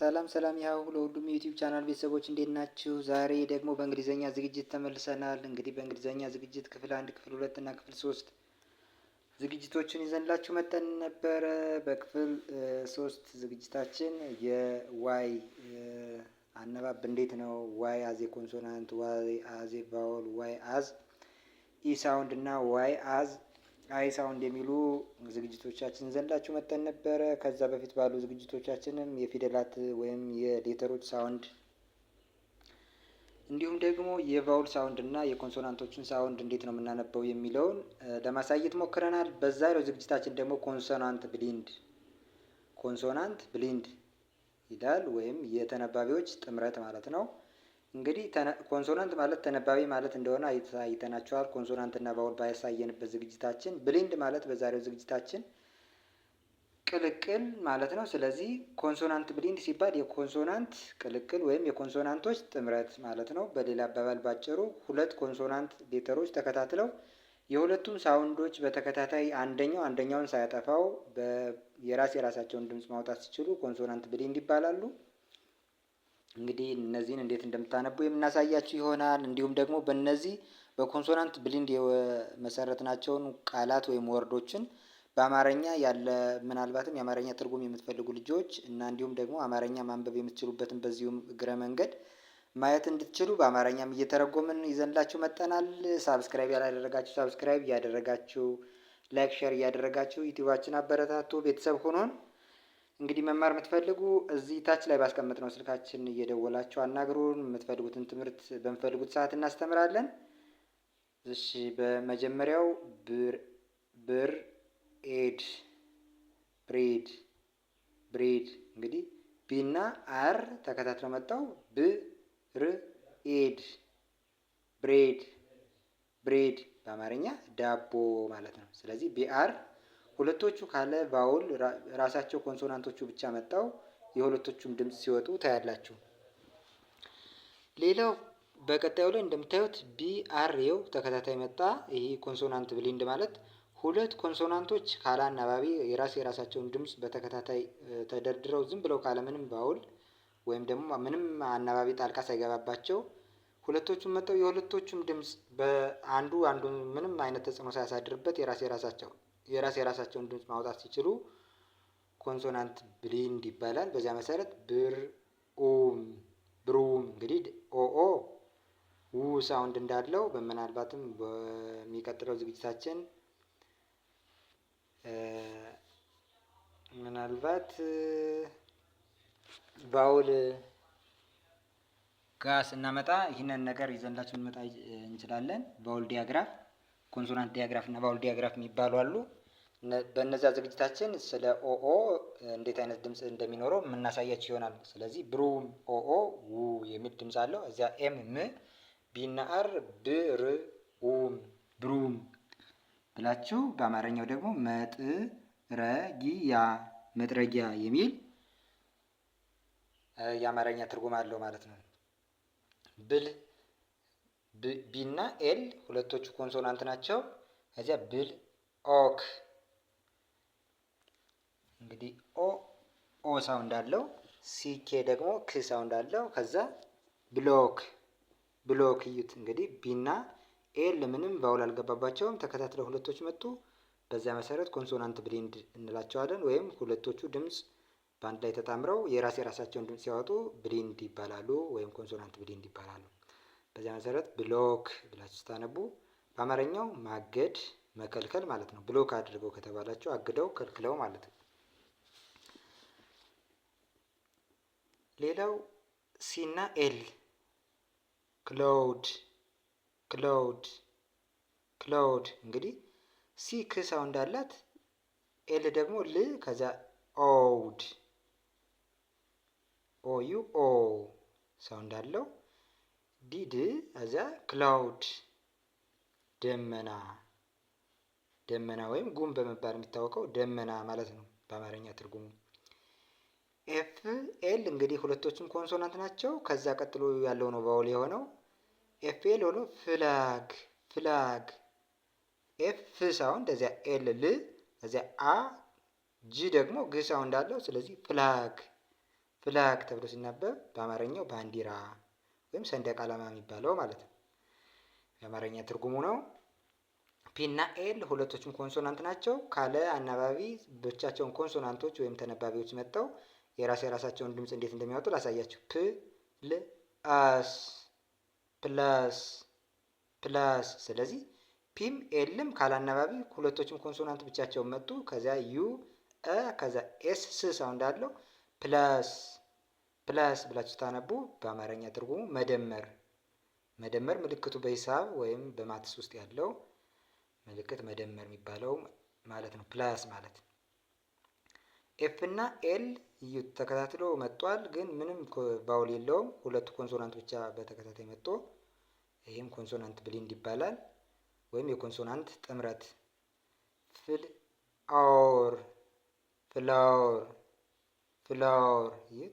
ሰላም ሰላም ያው ለሁሉም ዩቲዩብ ቻናል ቤተሰቦች እንዴት ናችሁ? ዛሬ ደግሞ በእንግሊዘኛ ዝግጅት ተመልሰናል። እንግዲህ በእንግሊዘኛ ዝግጅት ክፍል አንድ፣ ክፍል ሁለት እና ክፍል ሶስት ዝግጅቶችን ይዘንላችሁ መጠን ነበረ። በክፍል ሶስት ዝግጅታችን የዋይ አነባብ እንዴት ነው? ዋይ አዜ ኮንሶናንት፣ ዋይ አዜ ቫወል፣ ዋይ አዝ ኢ ሳውንድ እና ዋይ አዝ አይሳው ሳውንድ የሚሉ ዝግጅቶቻችን ዘንዳችሁ መጠን ነበረ። ከዛ በፊት ባሉ ዝግጅቶቻችንም የፊደላት ወይም የሌተሮች ሳውንድ እንዲሁም ደግሞ የቫውል ሳውንድ እና የኮንሶናንቶችን ሳውንድ እንዴት ነው የምናነበው የሚለውን ለማሳየት ሞክረናል። በዛሬው ዝግጅታችን ደግሞ ኮንሶናንት ብሊንድ ኮንሶናንት ብሊንድ ይላል ወይም የተነባቢዎች ጥምረት ማለት ነው። እንግዲህ ኮንሶናንት ማለት ተነባቢ ማለት እንደሆነ አይተናቸዋል። ኮንሶናንት እና ባውል ባያሳየንበት ዝግጅታችን፣ ብሊንድ ማለት በዛሬው ዝግጅታችን ቅልቅል ማለት ነው። ስለዚህ ኮንሶናንት ብሊንድ ሲባል የኮንሶናንት ቅልቅል ወይም የኮንሶናንቶች ጥምረት ማለት ነው። በሌላ አባባል ባጭሩ ሁለት ኮንሶናንት ሌተሮች ተከታትለው የሁለቱም ሳውንዶች በተከታታይ አንደኛው አንደኛውን ሳያጠፋው የራስ የራሳቸውን ድምፅ ማውጣት ሲችሉ ኮንሶናንት ብሊንድ ይባላሉ። እንግዲህ እነዚህን እንዴት እንደምታነቡ የምናሳያችሁ ይሆናል። እንዲሁም ደግሞ በእነዚህ በኮንሶናንት ብሊንድ የመሰረትናቸውን ቃላት ወይም ወርዶችን በአማርኛ ያለ ምናልባትም የአማርኛ ትርጉም የምትፈልጉ ልጆች እና እንዲሁም ደግሞ አማርኛ ማንበብ የምትችሉበትን በዚሁም እግረ መንገድ ማየት እንድትችሉ በአማርኛም እየተረጎምን ይዘንላችሁ መጠናል። ሳብስክራይብ ያላደረጋችሁ ሳብስክራይብ እያደረጋችሁ ላይክ፣ ሼር እያደረጋችሁ ዩቲዩባችን አበረታቱ ቤተሰብ ሆኖን እንግዲህ መማር የምትፈልጉ እዚህ ታች ላይ ነው ስልካችን እየደወላችሁ አናግሩን። የምትፈልጉትን ትምህርት በምትፈልጉት ሰዓት እናስተምራለን። እሺ በመጀመሪያው ብር ብር ኤድ ብሬድ ብሬድ እንግዲህ ቢ እና አር ተከታትለው መጣው ብር ኤድ ብሬድ ብሬድ በአማርኛ ዳቦ ማለት ነው። ስለዚህ ቢአር ሁለቶቹ ካለ ቫውል ራሳቸው ኮንሶናንቶቹ ብቻ መጣው የሁለቶቹም ድምፅ ሲወጡ ታያላችሁ። ሌላው በቀጣዩ ላይ እንደምታዩት ቢአሬው ተከታታይ መጣ። ይህ ኮንሶናንት ብሊንድ ማለት ሁለት ኮንሶናንቶች ካለ አናባቢ የራስ የራሳቸውን ድምፅ በተከታታይ ተደርድረው ዝም ብለው ካለምንም ባውል ወይም ደግሞ ምንም አናባቢ ጣልቃ ሳይገባባቸው ሁለቶቹም መጥተው የሁለቶቹም ድምፅ በአንዱ አንዱ ምንም አይነት ተጽዕኖ ሳያሳድርበት የራስ የራሳቸው የራስ የራሳቸውን ድምፅ ማውጣት ሲችሉ ኮንሶናንት ብሊንድ ይባላል። በዚያ መሰረት ብር ኡም ብሩም እንግዲህ ኦኦ ው ሳውንድ እንዳለው በምናልባትም በሚቀጥለው ዝግጅታችን ምናልባት ባውል ጋር ስናመጣ ይህንን ነገር ይዘንላችሁ ልንመጣ እንችላለን። ባውል ዲያግራፍ፣ ኮንሶናንት ዲያግራፍ እና ባውል ዲያግራፍ የሚባሉ አሉ። በእነዚያ ዝግጅታችን ስለ ኦኦ እንዴት አይነት ድምፅ እንደሚኖረው የምናሳያችሁ ይሆናል። ስለዚህ ብሩም ኦኦ ው የሚል ድምፅ አለው። እዚያ ኤም ም ቢና አር ብር ውም ብሩም ብላችሁ በአማርኛው ደግሞ መጥረጊያ መጥረጊያ የሚል የአማርኛ ትርጉም አለው ማለት ነው። ብል ቢ እና ኤል ሁለቶቹ ኮንሶናንት ናቸው። ከዚያ ብል ኦክ እንግዲህ ኦ ኦ ሳውንድ አለው። ሲኬ ደግሞ ክ ሳውንድ አለው። ከዛ ብሎክ ብሎክ እዩት እንግዲህ ቢና ኤል ምንም ባውል አልገባባቸውም። ተከታትለው ሁለቶች መጡ። በዛ መሰረት ኮንሶናንት ብሌንድ እንላቸዋለን ወይም ሁለቶቹ ድምፅ በአንድ ላይ ተጣምረው የራስ የራሳቸውን ድምፅ ሲያወጡ ብሊንድ ይባላሉ ወይም ኮንሶናንት ብሊንድ ይባላሉ። በዚያ መሰረት ብሎክ ብላችሁ ስታነቡ በአማርኛው ማገድ መከልከል ማለት ነው። ብሎክ አድርገው ከተባላቸው አግደው ከልክለው ማለት ነው። ሌላው ሲና ኤል ክሎድ ክሎድ ክሎድ። እንግዲህ ሲ ክ ሳውንድ አላት። ኤል ደግሞ ል ከዛ ኦውድ ኦ ዩ ኦ ሳውንድ አለው። ዲድ አዛ ክላውድ ደመና ደመና ወይም ጉም በመባል የሚታወቀው ደመና ማለት ነው በአማርኛ ትርጉሙ። ኤፍ ኤል እንግዲህ ሁለቶችም ኮንሶናንት ናቸው። ከዛ ቀጥሎ ያለው ነው ባውል የሆነው። ኤፍ ኤል ሆኖ ፍላግ ፍላግ። ኤፍ ሳውንድ እዚያ ኤል ል እዚያ አ ጂ ደግሞ ግ ሳውንድ አለው። ስለዚህ ፍላግ ፍላግ ተብሎ ሲነበብ በአማርኛው ባንዲራ ወይም ሰንደቅ ዓላማ የሚባለው ማለት ነው። የአማርኛ ትርጉሙ ነው። ፒና ኤል ሁለቶችም ኮንሶናንት ናቸው። ካለ አናባቢ ብቻቸውን ኮንሶናንቶች ወይም ተነባቢዎች መጥተው የራስ የራሳቸውን ድምፅ እንዴት እንደሚያወጡ ላሳያቸው። ፕ ል አስ ፕላስ ፕላስ። ስለዚህ ፒም ኤልም ካለ አናባቢ ሁለቶችም ኮንሶናንት ብቻቸውን መጡ። ከዚያ ዩ ከዚያ ኤስ ስ ሳውንድ አለው። ፕለስ ፕለስ ብላችሁ ታነቡ በአማርኛ ትርጉሙ መደመር መደመር ምልክቱ በሂሳብ ወይም በማትስ ውስጥ ያለው ምልክት መደመር የሚባለው ማለት ነው። ፕላስ ማለት ኤፍ እና ኤል ዩ ተከታትሎ መጥቷል፣ ግን ምንም ባውል የለውም። ሁለቱ ኮንሶናንት ብቻ በተከታታይ መጥቶ ይህም ኮንሶናንት ብሊንድ ይባላል፣ ወይም የኮንሶናንት ጥምረት ፍል አውር ፍላውር ፍላወር ይል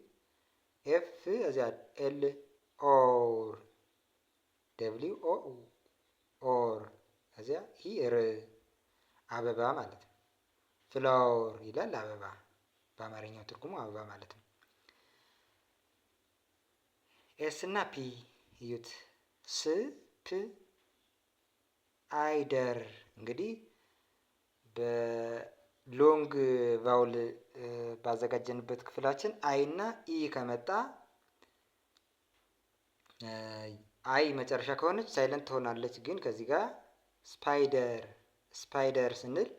ኤፍ እዚያ ኤል ኦር ደብሊው ኦ ኦር እዚያ ኢ አበባ ማለት ነው። ፍላወር ይላል አበባ በአማርኛው ትርጉሙ አበባ ማለት ነው። ኤስ እና ፒ እዩት። ስ ፕ አይደር እንግዲህ ሎንግ ቫውል ባዘጋጀንበት ክፍላችን አይ እና ኢ ከመጣ አይ መጨረሻ ከሆነች ሳይለንት ትሆናለች። ግን ከዚህ ጋር ስፓይደር ስፓይደር ስንል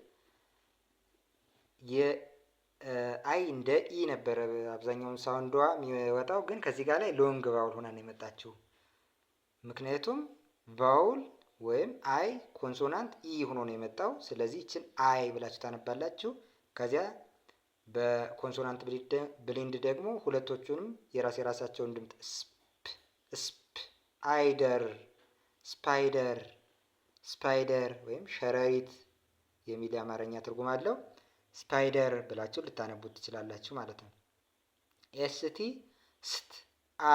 የአይ እንደ ኢ ነበረ አብዛኛውን ሳውንዷ የሚወጣው። ግን ከዚህ ጋር ላይ ሎንግ ቫውል ሆና ነው የመጣችው። ምክንያቱም ቫውል ወይም አይ ኮንሶናንት ኢ ሆኖ ነው የመጣው። ስለዚህ ይችን አይ ብላችሁ ታነባላችሁ። ከዚያ በኮንሶናንት ብሊንድ ደግሞ ሁለቶቹንም የራስ የራሳቸውን ድምፅ ስፕ፣ አይደር፣ ስፓይደር፣ ስፓይደር ወይም ሸረሪት የሚል የአማርኛ ትርጉም አለው። ስፓይደር ብላችሁ ልታነቡት ትችላላችሁ ማለት ነው። ኤስቲ ስት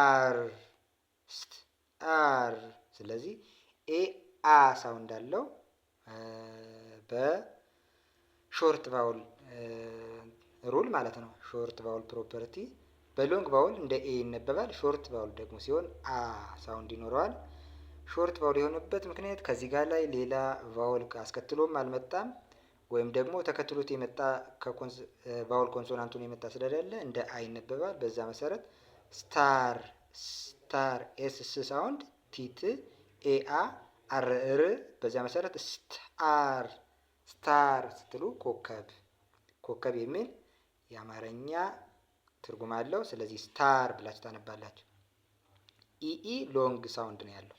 አር ስት አር ስለዚህ ኤ አ ሳውንድ አለው። በሾርት ቫውል ሩል ማለት ነው። ሾርት ቫውል ፕሮፐርቲ በሎንግ ቫውል እንደ ኤ ይነበባል። ሾርት ቫውል ደግሞ ሲሆን አ ሳውንድ ይኖረዋል። ሾርት ቫውል የሆነበት ምክንያት ከዚህ ጋር ላይ ሌላ ቫውል አስከትሎም አልመጣም ወይም ደግሞ ተከትሎት የመጣ ቫውል ኮንሶናንቱን የመጣ ስለሌለ እንደ አ ይነበባል። በዛ መሰረት ስታር ስታር ኤስ ስ ሳውንድ ቲት ኤ አ አርር በዚያ መሰረት ስታር ስታር ስትሉ ኮከብ ኮከብ የሚል የአማርኛ ትርጉም አለው። ስለዚህ ስታር ብላችሁ ታነባላችሁ። ኢኢ ሎንግ ሳውንድ ነው ያለው።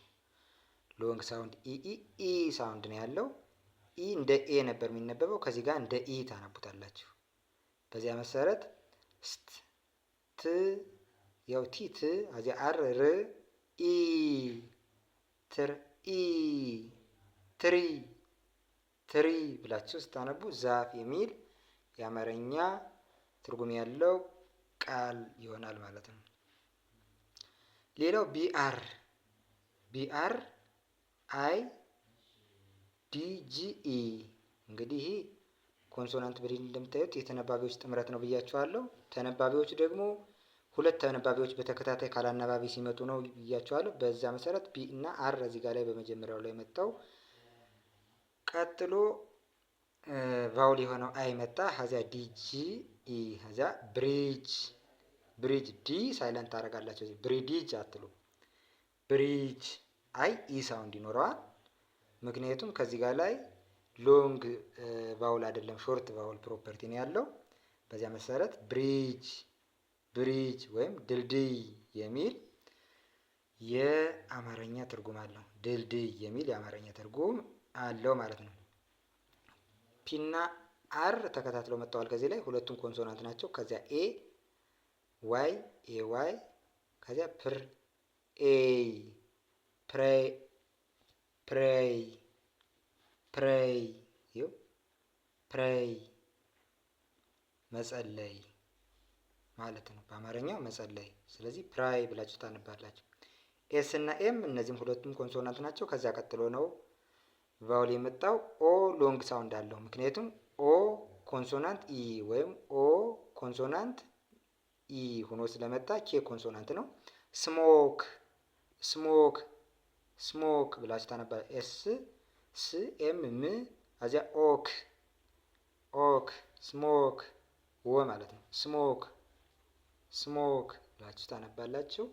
ሎንግ ሳውንድ ኢኢ ኢ ሳውንድ ነው ያለው። ኢ እንደ ኤ ነበር የሚነበበው። ከዚህ ጋር እንደ ኢ ታነቡታላችሁ። በዚያ መሰረት ስት ት ያው ቲ ት አር ር ኢ ትር ኢ ትሪ ትሪ ብላችሁ ስታነቡ ዛፍ የሚል የአማርኛ ትርጉም ያለው ቃል ይሆናል ማለት ነው። ሌላው ቢአር ቢአር አይ ዲጂኢ እንግዲህ ኮንሶናንት በደንብ እንደምታዩት የተነባቢዎች ጥምረት ነው ብያችኋለሁ። ተነባቢዎች ደግሞ ሁለት ተነባቢዎች በተከታታይ ካላነባቢ ሲመጡ ነው ብያቸዋለሁ። በዛ መሰረት ቢ እና አር እዚህ ጋር ላይ በመጀመሪያው ላይ መጣው። ቀጥሎ ቫውል የሆነው አይ መጣ። ከዚያ ዲጂ ጂ ኢ ከዚያ ብሪጅ ብሪጅ ዲ ሳይለንት ታደርጋላቸው። ብሪዲጅ አትሉ ብሪጅ አይ ኢ ሳውንድ ይኖረዋል። ምክንያቱም ከዚህ ጋር ላይ ሎንግ ቫውል አይደለም ሾርት ቫውል ፕሮፐርቲ ነው ያለው። በዚያ መሰረት ብሪጅ ብሪጅ ወይም ድልድይ የሚል የአማርኛ ትርጉም አለው። ድልድይ የሚል የአማርኛ ትርጉም አለው ማለት ነው። ፒና አር ተከታትለው መጥተዋል። ከዚህ ላይ ሁለቱም ኮንሶናንት ናቸው። ከዚያ ኤ ዋይ ኤ ዋይ ከዚያ ፕር ኤ ፕሬ ፕሬይ ፕሬይ ፕሬይ መጸለይ ማለት ነው በአማርኛ መጸለይ። ስለዚህ ፕራይ ብላችሁ ታነባላችሁ። ኤስ እና ኤም እነዚህም ሁለቱም ኮንሶናንት ናቸው። ከዛ ቀጥሎ ነው ቫውል የመጣው ኦ ሎንግ ሳውንድ አለው። ምክንያቱም ኦ ኮንሶናንት ኢ ወይም ኦ ኮንሶናንት ኢ ሆኖ ስለመጣ ኬ ኮንሶናንት ነው። ስሞክ ስሞክ ስሞክ ብላችሁ ታነባ ኤስ ስ ኤም ም አዚያ ኦክ ኦክ ስሞክ ወ ማለት ነው ስሞክ ስሞክ ብላችሁ ታነባላችሁ።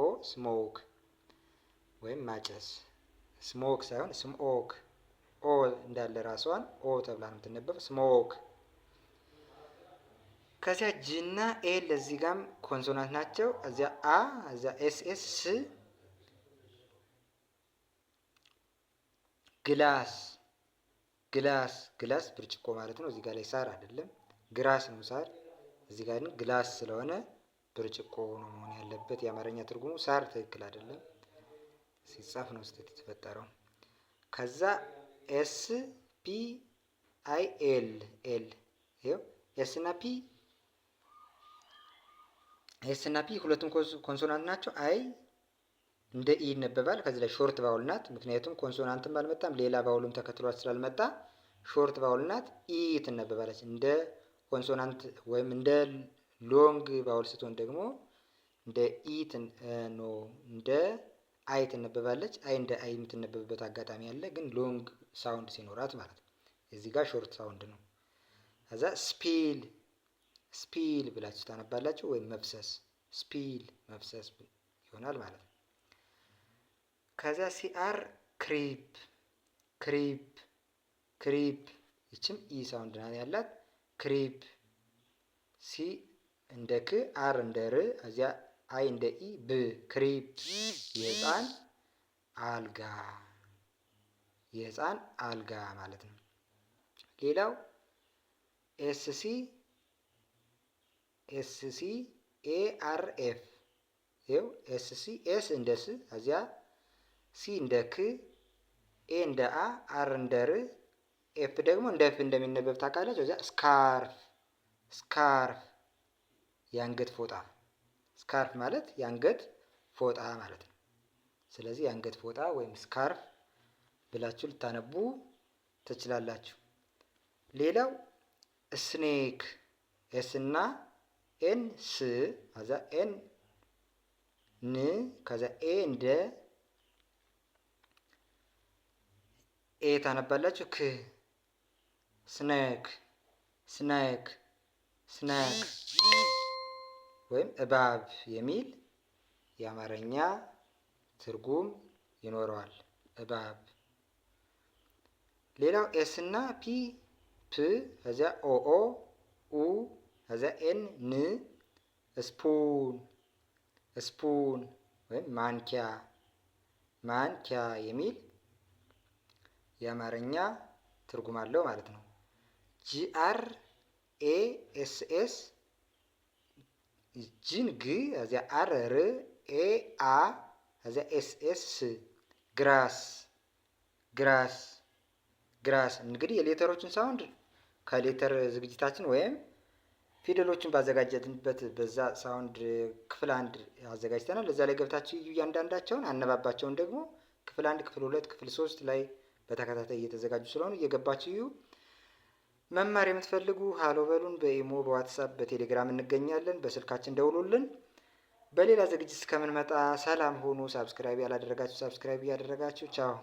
ኦ ስሞክ ወይም ማጨስ ስሞክ ሳይሆን ስምኦክ ኦ እንዳለ ራሷን ኦ ተብላ ነው የምትነበብ። ስሞክ ከዚያ ጂ እና ኤል እዚህ ጋም ኮንሶናንት ናቸው። እዚያ አ እዚያ ኤስ ኤስ ስ ግላስ ግላስ ግላስ ብርጭቆ ማለት ነው። እዚህ ጋር ላይ ሳር አይደለም፣ ግራስ ነው ሳር። እዚህ ጋር ግን ግላስ ስለሆነ ብርጭቆ ሆኖ መሆን ያለበት። የአማርኛ ትርጉሙ ሳር ትክክል አይደለም፣ ሲጻፍ ነው ስህተት የተፈጠረው። ከዛ ኤስ ፒ አይ ኤል ኤል ኤስ እና ፒ ኤስ እና ፒ ሁለቱም ኮንሶናንት ናቸው። አይ እንደ ኢ ይነበባል። ከዚህ ላይ ሾርት ባውል ናት፣ ምክንያቱም ኮንሶናንትም አልመጣም ሌላ ባውልም ተከትሏት ስላልመጣ ሾርት ባውል ናት። ኢ ትነበባለች እንደ ኮንሶናንት ወይም እንደ ሎንግ ቫውል ስትሆን ደግሞ እንደ ኢ ኖ እንደ አይ ትነበባለች። አይ እንደ አይ የምትነበብበት አጋጣሚ አለ፣ ግን ሎንግ ሳውንድ ሲኖራት ማለት ነው። እዚህ ጋር ሾርት ሳውንድ ነው። ከዛ ስፒል ስፒል ብላችሁ ታነባላችሁ፣ ወይም መፍሰስ ስፒል መፍሰስ ይሆናል ማለት ነው። ከዚያ ሲአር ክሪፕ ክሪፕ ክሪፕ ይችም ኢ ሳውንድ ናት ያላት ክሪፕ ሲ እንደ ክ አር እንደ ር እዚያ አይ እንደ ኢ ብ ክሪፕ የህፃን አልጋ የህፃን አልጋ ማለት ነው። ሌላው ኤስሲ ኤስሲ ኤ አር ኤፍ ይኸው ኤስሲ ኤስ እንደ ስ እዚያ ሲ እንደ ክ ኤ እንደ አ አር እንደ ር ኤፍ ደግሞ እንደ ፍ እንደሚነበብ ታውቃላችሁ። እዚያ ስካርፍ ስካርፍ የአንገት ፎጣ ስካርፍ ማለት የአንገት ፎጣ ማለት ነው። ስለዚህ የአንገት ፎጣ ወይም ስካርፍ ብላችሁ ልታነቡ ትችላላችሁ። ሌላው ስኔክ ኤስ እና ኤን ስ ከዛ ኤን ን ከዛ ኤ እንደ ኤ ታነባላችሁ ክ ስናክ ስናክ ስናክ። ወይም እባብ የሚል የአማርኛ ትርጉም ይኖረዋል። እባብ ሌላው ኤስ እና ፒ ፕ ከዚያ ኦኦ ኡ ከዚያ ኤን ን ስፑን ስፑን ወይም ማንኪያ ማንኪያ የሚል የአማርኛ ትርጉም አለው ማለት ነው። ጂአር ኤ ኤስ ኤስ ጅን ግ እዚያ አር ር ኤ አ እዚያ ኤስ ኤስ ግራስ ግራስ ግራስ። እንግዲህ የሌተሮችን ሳውንድ ከሌተር ዝግጅታችን ወይም ፊደሎችን ባዘጋጀንበት በዛ ሳውንድ ክፍል አንድ አዘጋጅተናል። እዛ ላይ ገብታችሁ እዩ እያንዳንዳቸውን። አነባባቸውን ደግሞ ክፍል አንድ፣ ክፍል ሁለት፣ ክፍል ሶስት ላይ በተከታታይ እየተዘጋጁ ስለሆኑ እየገባችሁ እዩ። መማር የምትፈልጉ ሀሎ በሉን። በኢሞ፣ በዋትሳፕ፣ በቴሌግራም እንገኛለን። በስልካችን ደውሉልን። በሌላ ዝግጅት እስከምንመጣ ሰላም ሆኑ። ሳብስክራይብ ያላደረጋችሁ ሳብስክራይብ እያደረጋችሁ ቻው።